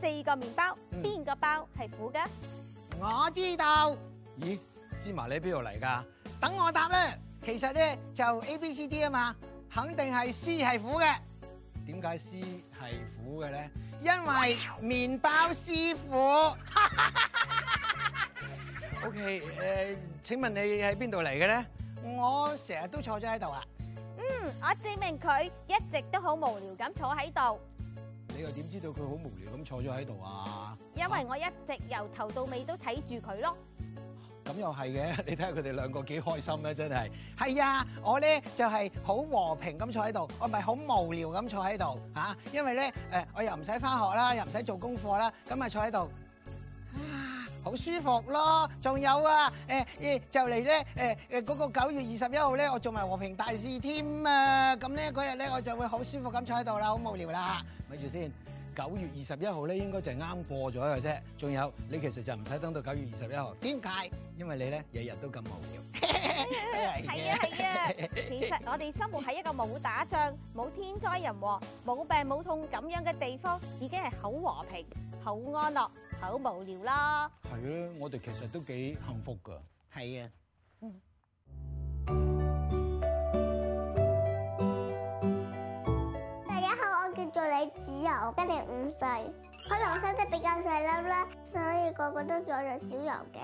四個麵包，邊個包係苦嘅？我知道。咦，芝麻你喺邊度嚟噶？等我答啦。其實咧就 A B C D 啊嘛，肯定係 C 係苦嘅。點解 C 係苦嘅咧？因為麵包師傅。O K，誒，請問你喺邊度嚟嘅咧？我成日都坐咗喺度啊。嗯，我證明佢一直都好無聊咁坐喺度。你又點知道佢好無聊咁坐咗喺度啊？因為我一直由頭到尾都睇住佢咯。咁又係嘅，你睇下佢哋兩個幾開心咧，啊，真係。係 啊，我咧就係、是、好和平咁坐喺度，我咪好無聊咁坐喺度吓，因為咧誒我又唔使翻學啦，又唔使做功課啦，咁咪坐喺度。啊好舒服咯，仲有啊，誒誒就嚟咧，誒誒嗰個九月二十一號咧，我做埋和平大使添啊，咁咧嗰日咧我就會好舒服咁坐喺度啦，好無聊啦。咪住先，九月二十一號咧應該就係啱過咗嘅啫。仲有你其實就唔使等到九月二十一號，點解？因為你咧日日都咁無聊。係啊係啊，其實我哋生活喺一個冇打仗、冇天災人禍、冇病冇痛咁樣嘅地方，已經係好和平、好安樂。好無聊啦！係啊，我哋其實都幾幸福㗎。係啊，大家好，我叫做李子由，我今年五歲。可能我生得比較細粒啦，所以個個都叫我做小由嘅。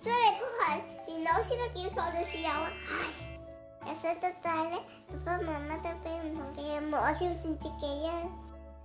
最離譜係連老師都叫錯做小由啊！唉，又細得滯咧，爸爸媽媽都俾唔同嘅任務我挑戰自己啊！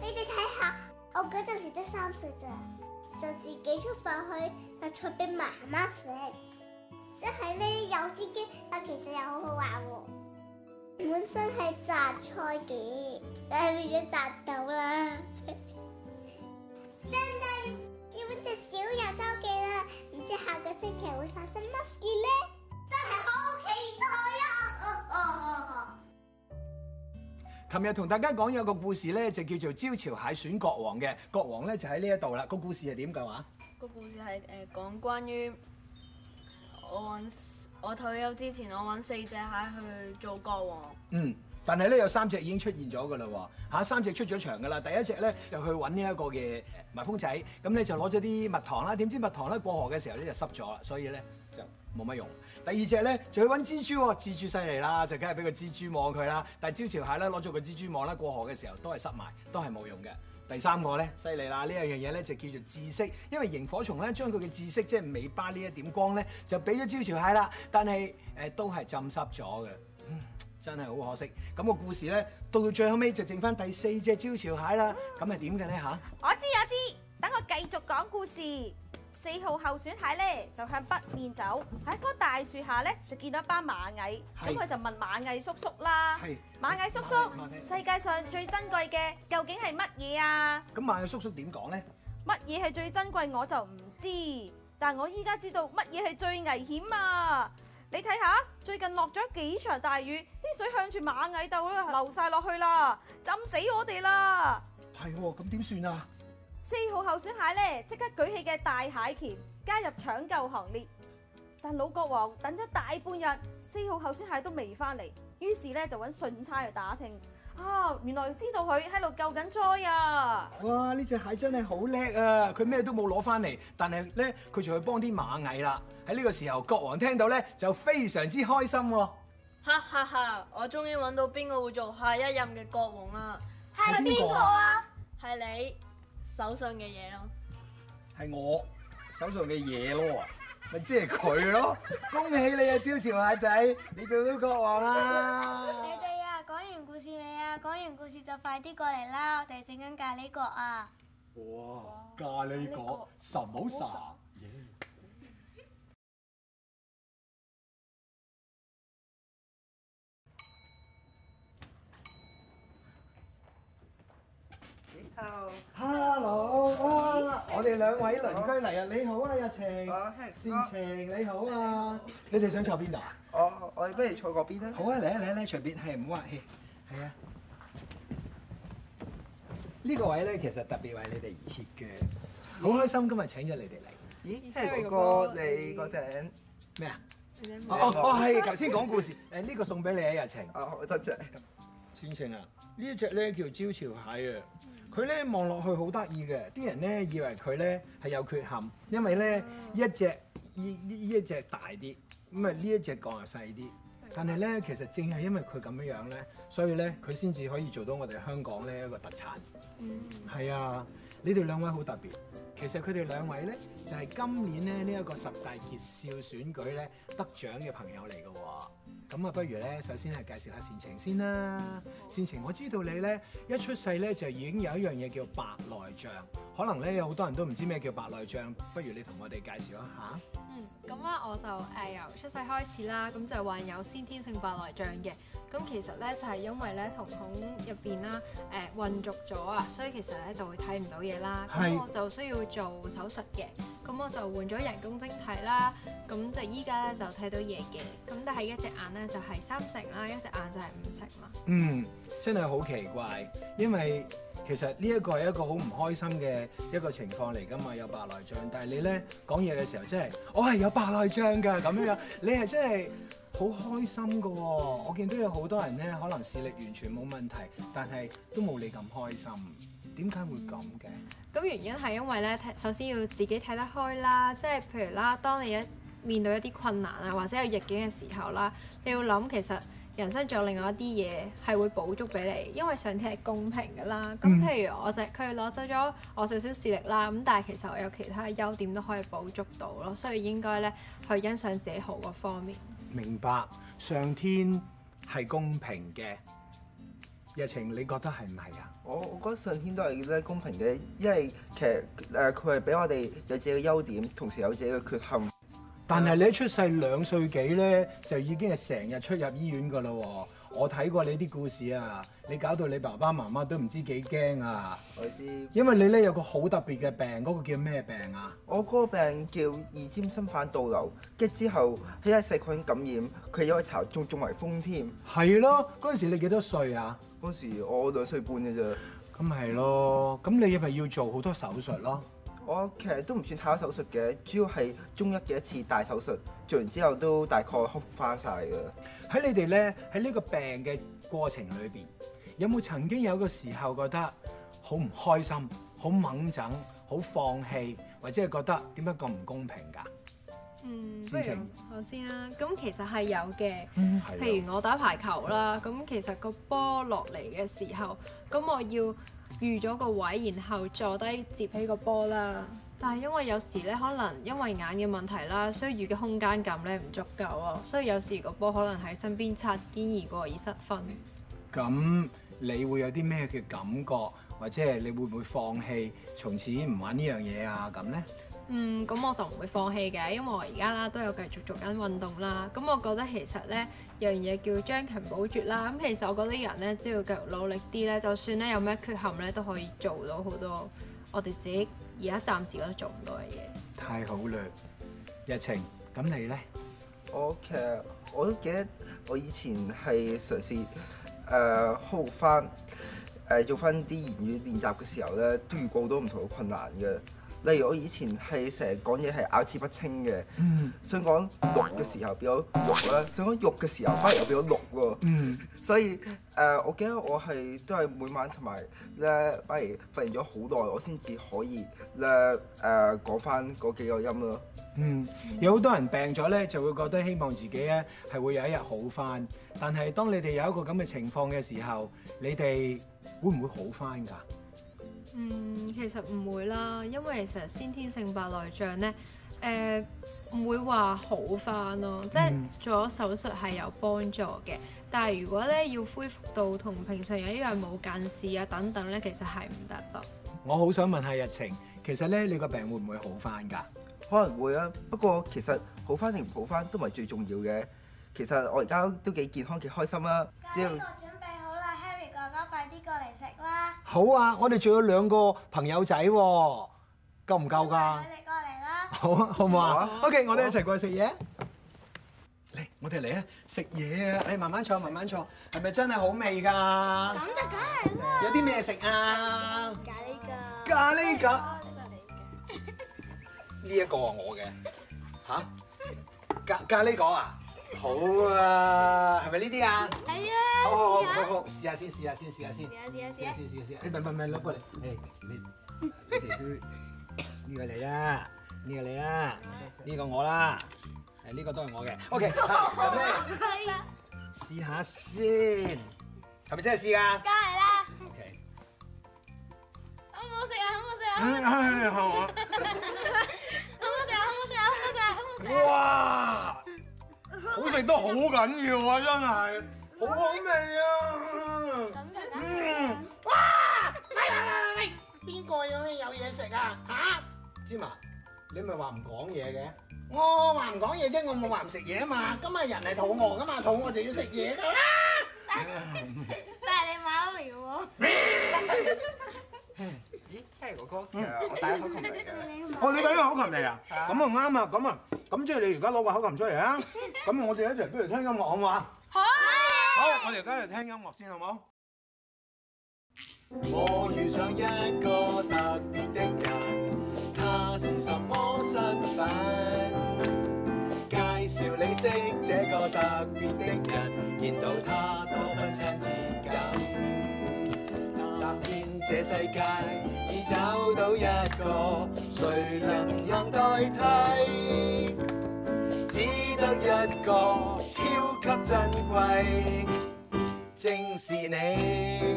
你哋睇下，我嗰陣時得三歲咋。就自己出發去摘菜俾媽媽食，即係呢，有啲驚，但其實又好好玩喎、哦。本身係摘菜嘅，但係變咗摘豆啦。 真係要搵只小由週記啦，唔知下個星期會發生乜事呢？真係好期待啊！Oh, oh, oh, oh. 琴日同大家講有個故事咧，就叫做《招潮蟹選國王》嘅國王咧就喺呢一度啦。個故事係點嘅話？個故事係誒講關於我我退休之前，我揾四隻蟹去做國王。嗯，但係咧有三隻已經出現咗㗎啦，吓、啊、三隻出咗場㗎啦。第一隻咧又去揾呢一個嘅蜜蜂仔，咁咧就攞咗啲蜜糖啦。點知蜜糖咧過河嘅時候咧就濕咗啦，所以咧。冇乜用。第二隻咧就去揾蜘蛛，蜘蛛犀利啦，就梗係俾個蜘蛛網佢啦。但係招潮蟹咧攞咗個蜘蛛網啦，過河嘅時候都係塞埋，都係冇用嘅。第三個咧犀利啦，呢樣嘢咧就叫做知識，因為螢火蟲咧將佢嘅知識即係尾巴呢一點光咧，就俾咗招潮蟹啦。但係誒都係浸濕咗嘅，嗯，真係好可惜。咁個故事咧到到最後尾就剩翻第四隻招潮蟹啦。咁係點嘅咧吓？我知我知，等我繼續講故事。四號候選蟹咧，就向北面走，喺棵大樹下咧，就見到一班螞蟻，咁佢就問螞蟻叔叔啦：螞蟻叔叔，世界上最珍貴嘅究竟係乜嘢啊？咁螞蟻叔叔點講咧？乜嘢係最珍貴我就唔知，但我依家知道乜嘢係最危險啊！你睇下，最近落咗幾場大雨，啲水向住螞蟻度流晒落去啦，浸死我哋啦！係，咁點算啊？四號候選蟹咧，即刻舉起嘅大蟹鉗，加入搶救行列。但老國王等咗大半日，四號候選蟹都未翻嚟，於是咧就揾順差去打聽。啊，原來知道佢喺度救緊災啊！哇，呢隻蟹真係好叻啊！佢咩都冇攞翻嚟，但係咧佢仲去幫啲螞蟻啦。喺呢個時候，國王聽到咧就非常之開心啊。哈哈哈！我終於揾到邊個會做下一任嘅國王啦！係邊個啊？係你。手上嘅嘢咯，係我手上嘅嘢咯，咪即係佢咯，恭喜你啊，招潮蟹仔，你做到國王啦！你哋啊，講完故事未啊？講完故事就快啲過嚟啦，我哋整緊咖喱角啊！哇，咖喱角，神唔好神！hello，hello，哇！我哋兩位鄰居嚟啊！你好啊，逸晴，善晴你好啊！你哋想坐邊度啊？我我不如坐嗰邊啦。好啊，嚟啊嚟啊嚟！隨便係唔好客氣，係啊！呢個位咧其實特別為你哋而設嘅，好開心今日請咗你哋嚟。咦？即係嗰個你嗰頂咩啊？哦哦，係頭先講故事。誒呢個送俾你啊，逸晴。啊，多謝。善晴啊，呢一隻咧叫招潮蟹啊。佢咧望落去好得意嘅，啲人咧以為佢咧係有缺陷，因為咧、嗯、一隻呢呢呢一隻大啲，咁啊呢一隻鉗又細啲。嗯、但係咧，其實正係因為佢咁樣樣咧，所以咧佢先至可以做到我哋香港咧一個特產。嗯，係、嗯、啊，你哋兩位好特別。其實佢哋兩位咧就係、是、今年咧呢一、這個十大傑少選舉咧得獎嘅朋友嚟嘅、哦。咁啊，不如咧，首先係介紹下善晴先啦。善晴，我知道你咧一出世咧就已經有一樣嘢叫白內障，可能咧有好多人都唔知咩叫白內障，不如你同我哋介紹一下。嗯，咁啊，我就誒、呃、由出世開始啦，咁就患有先天性白內障嘅。咁其實咧就係、是、因為咧瞳孔入邊啦，誒、呃、混濁咗啊，所以其實咧就會睇唔到嘢啦。咁是我就需要做手術嘅，咁我就換咗人工晶體啦。咁就依家咧就睇到嘢嘅，咁但係一隻眼咧就係、是、三成啦，一隻眼就係五成啦。嗯，真係好奇怪，因為。其實呢一個係一個好唔開心嘅一個情況嚟㗎嘛，有白內障。但係你呢講嘢嘅時候，即係我係有白內障㗎，咁樣樣你係真係好開心㗎喎。我見都有好多人呢，可能視力完全冇問題，但係都冇你咁開心。點解會咁嘅？咁原因係因為呢，首先要自己睇得開啦。即係譬如啦，當你一面對一啲困難啊，或者有逆境嘅時候啦，你要諗其實。人生仲有另外一啲嘢係會補足俾你，因為上天係公平㗎啦。咁譬如我就佢、是、攞走咗我少少視力啦，咁但係其實我有其他嘅優點都可以補足到咯，所以應該咧去欣賞自己好個方面。明白，上天係公平嘅，逸晴，你覺得係唔係啊？我我覺得上天都係覺得公平嘅，因為其實誒佢係俾我哋有自己嘅優點，同時有自己嘅缺陷。但係你一出世兩歲幾呢，就已經係成日出入醫院㗎咯喎！我睇過你啲故事啊，你搞到你爸爸媽媽都唔知幾驚啊！我知，因為你呢有個好特別嘅病，嗰、那個叫咩病啊？我嗰個病叫二尖心瓣倒流，跟之後因為細菌感染，佢又查仲仲埋風添。係咯、哦，嗰陣時你幾多歲啊？嗰時我兩歲半嘅啫。咁咪係咯，咁、哦、你係咪要做好多手術咯？我其實都唔算太多手術嘅，主要係中一嘅一次大手術，做完之後都大概康復翻曬嘅。喺你哋咧，喺呢個病嘅過程裏邊，有冇曾經有個時候覺得好唔開心、好掹掙、好放棄，或者係覺得點解咁唔公平㗎？嗯，請不如我先啦。咁其實係有嘅。嗯，係。譬如我打排球啦，咁其實個波落嚟嘅時候，咁我要。預咗個位，然後坐低接起個波啦。但係因為有時咧，可能因為眼嘅問題啦，所以預嘅空間感咧唔足夠啊，所以有時個波可能喺身邊擦肩而過而失分。咁、嗯嗯、你會有啲咩嘅感覺，或者係你會唔會放棄，從此唔玩呢樣嘢啊？咁呢。嗯，咁我就唔會放棄嘅，因為我而家啦都有繼續做緊運動啦。咁我覺得其實咧，有樣嘢叫將勤補拙啦。咁其實我覺得人咧，只要繼續努力啲咧，就算咧有咩缺陷咧，都可以做到好多我哋自己而家暫時覺得做唔到嘅嘢。太好啦，逸晴，咁你咧？我其實我都記得我以前係嘗試誒學翻誒做翻啲言語練習嘅時候咧，都遇過好多唔同嘅困難嘅。例如我以前係成日講嘢係咬字不清嘅，嗯、想講六嘅時候變咗六啦，想講六嘅時候反而又變咗六喎，嗯、所以誒、呃，我記得我係都係每晚同埋咧，反而發現咗好耐，我先至可以咧誒講翻嗰幾個音咯。嗯，有好多人病咗咧，就會覺得希望自己咧係會有一日好翻，但係當你哋有一個咁嘅情況嘅時候，你哋會唔會好翻㗎？嗯，其實唔會啦，因為其實先天性白內障咧，誒、呃、唔會話好翻咯、喔，嗯、即係做咗手術係有幫助嘅，但係如果咧要恢復到同平常人一樣冇近視啊等等咧，其實係唔得咯。我好想問下逸晴，其實咧你個病會唔會好翻噶？可能會啦、啊，不過其實好翻定唔好翻都唔係最重要嘅。其實我而家都幾健康，幾開心、啊、只要……好啊，我哋仲有兩個朋友仔喎，夠唔夠㗎？帶佢哋過嚟啦。好啊，好唔好啊？OK，我哋一齊過嚟食嘢。嚟，我哋嚟啊，食嘢啊！你慢慢坐，慢慢坐，係咪真係好味㗎？咁就梗係啦。有啲咩食啊？咖喱角。咖喱角。呢個係你嘅。呢一個係我嘅，吓？咖咖喱角啊？好啊，係咪呢啲啊？係啊，好好好好好，試下先，試下先，試下先，試下試下試，試試試，你唔係，唔係，你攞過嚟，誒，你你哋都呢個你啦，呢個你啦，呢個我啦，誒呢個都係我嘅，OK，好啦，係啦，試下先，係咪真係試啊？梗係啦，OK，好唔好食啊？好唔好食啊？係係係，好啊。食都好緊要啊！真係，好好味啊！咁噶？嗯，哇！喂喂喂喂喂，邊個咁樣有嘢食啊？嚇？芝麻？你咪話唔講嘢嘅，我話唔講嘢啫，我冇話唔食嘢啊嘛。今日人係肚餓噶嘛，肚餓就要食嘢㗎啦。但係你買咗嚟喎。咦？聽哥哥，我帶口琴嚟嘅。我你帶咗口琴嚟啊？咁啊啱啊，咁啊，咁即係你而家攞個口琴出嚟啊！咁我哋一陣不如聽音樂好嗎？好。好，我哋而家嚟聽音樂先，好冇？我遇上一個特別的人，他是什麼身份？介紹你識這個特別的人，見到他多分親切感。踏遍這世界，只找到一個，誰能能代替？得一個超級珍貴，正是你。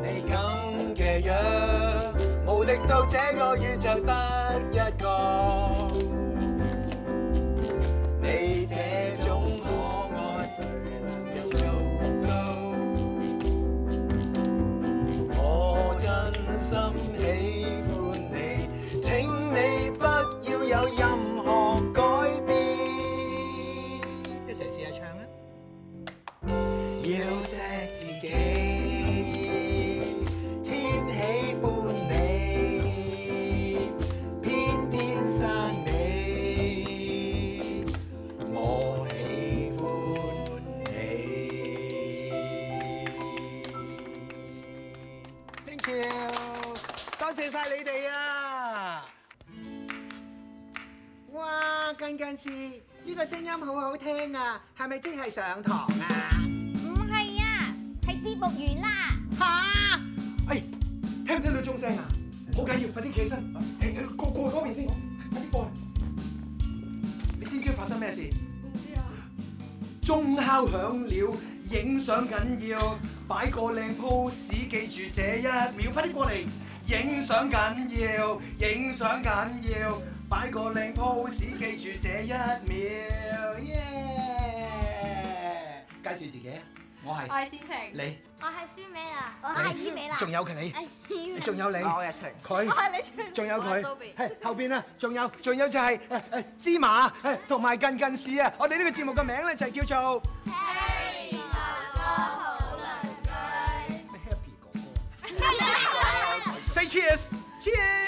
你咁嘅樣，無力到這個宇宙得一個。音好好聽啊，係咪真係上堂啊？唔係啊，喺節目完啦。吓，哎，聽唔聽到鐘聲啊？好緊要，快啲起身，過過嗰邊先，快啲過。你知唔知發生咩事？唔知啊。鐘敲響了，影相緊要，擺個靚 pose，記住這一秒。快啲過嚟，影相緊要，影相緊要，擺個靚 pose，記住這一秒。介紹自己，我係，我係善晴，你，我係書尾啦，我係依尾啦，仲有佢，你，仲有你，我係晴，佢，仲有佢，係後邊啦，仲有，仲有就係，誒誒芝麻，係同埋近近視啊，我哋呢個節目嘅名咧就係叫做，Happy 哥哥好鄰居，咩 Happy 哥哥，Say cheers，Cheers。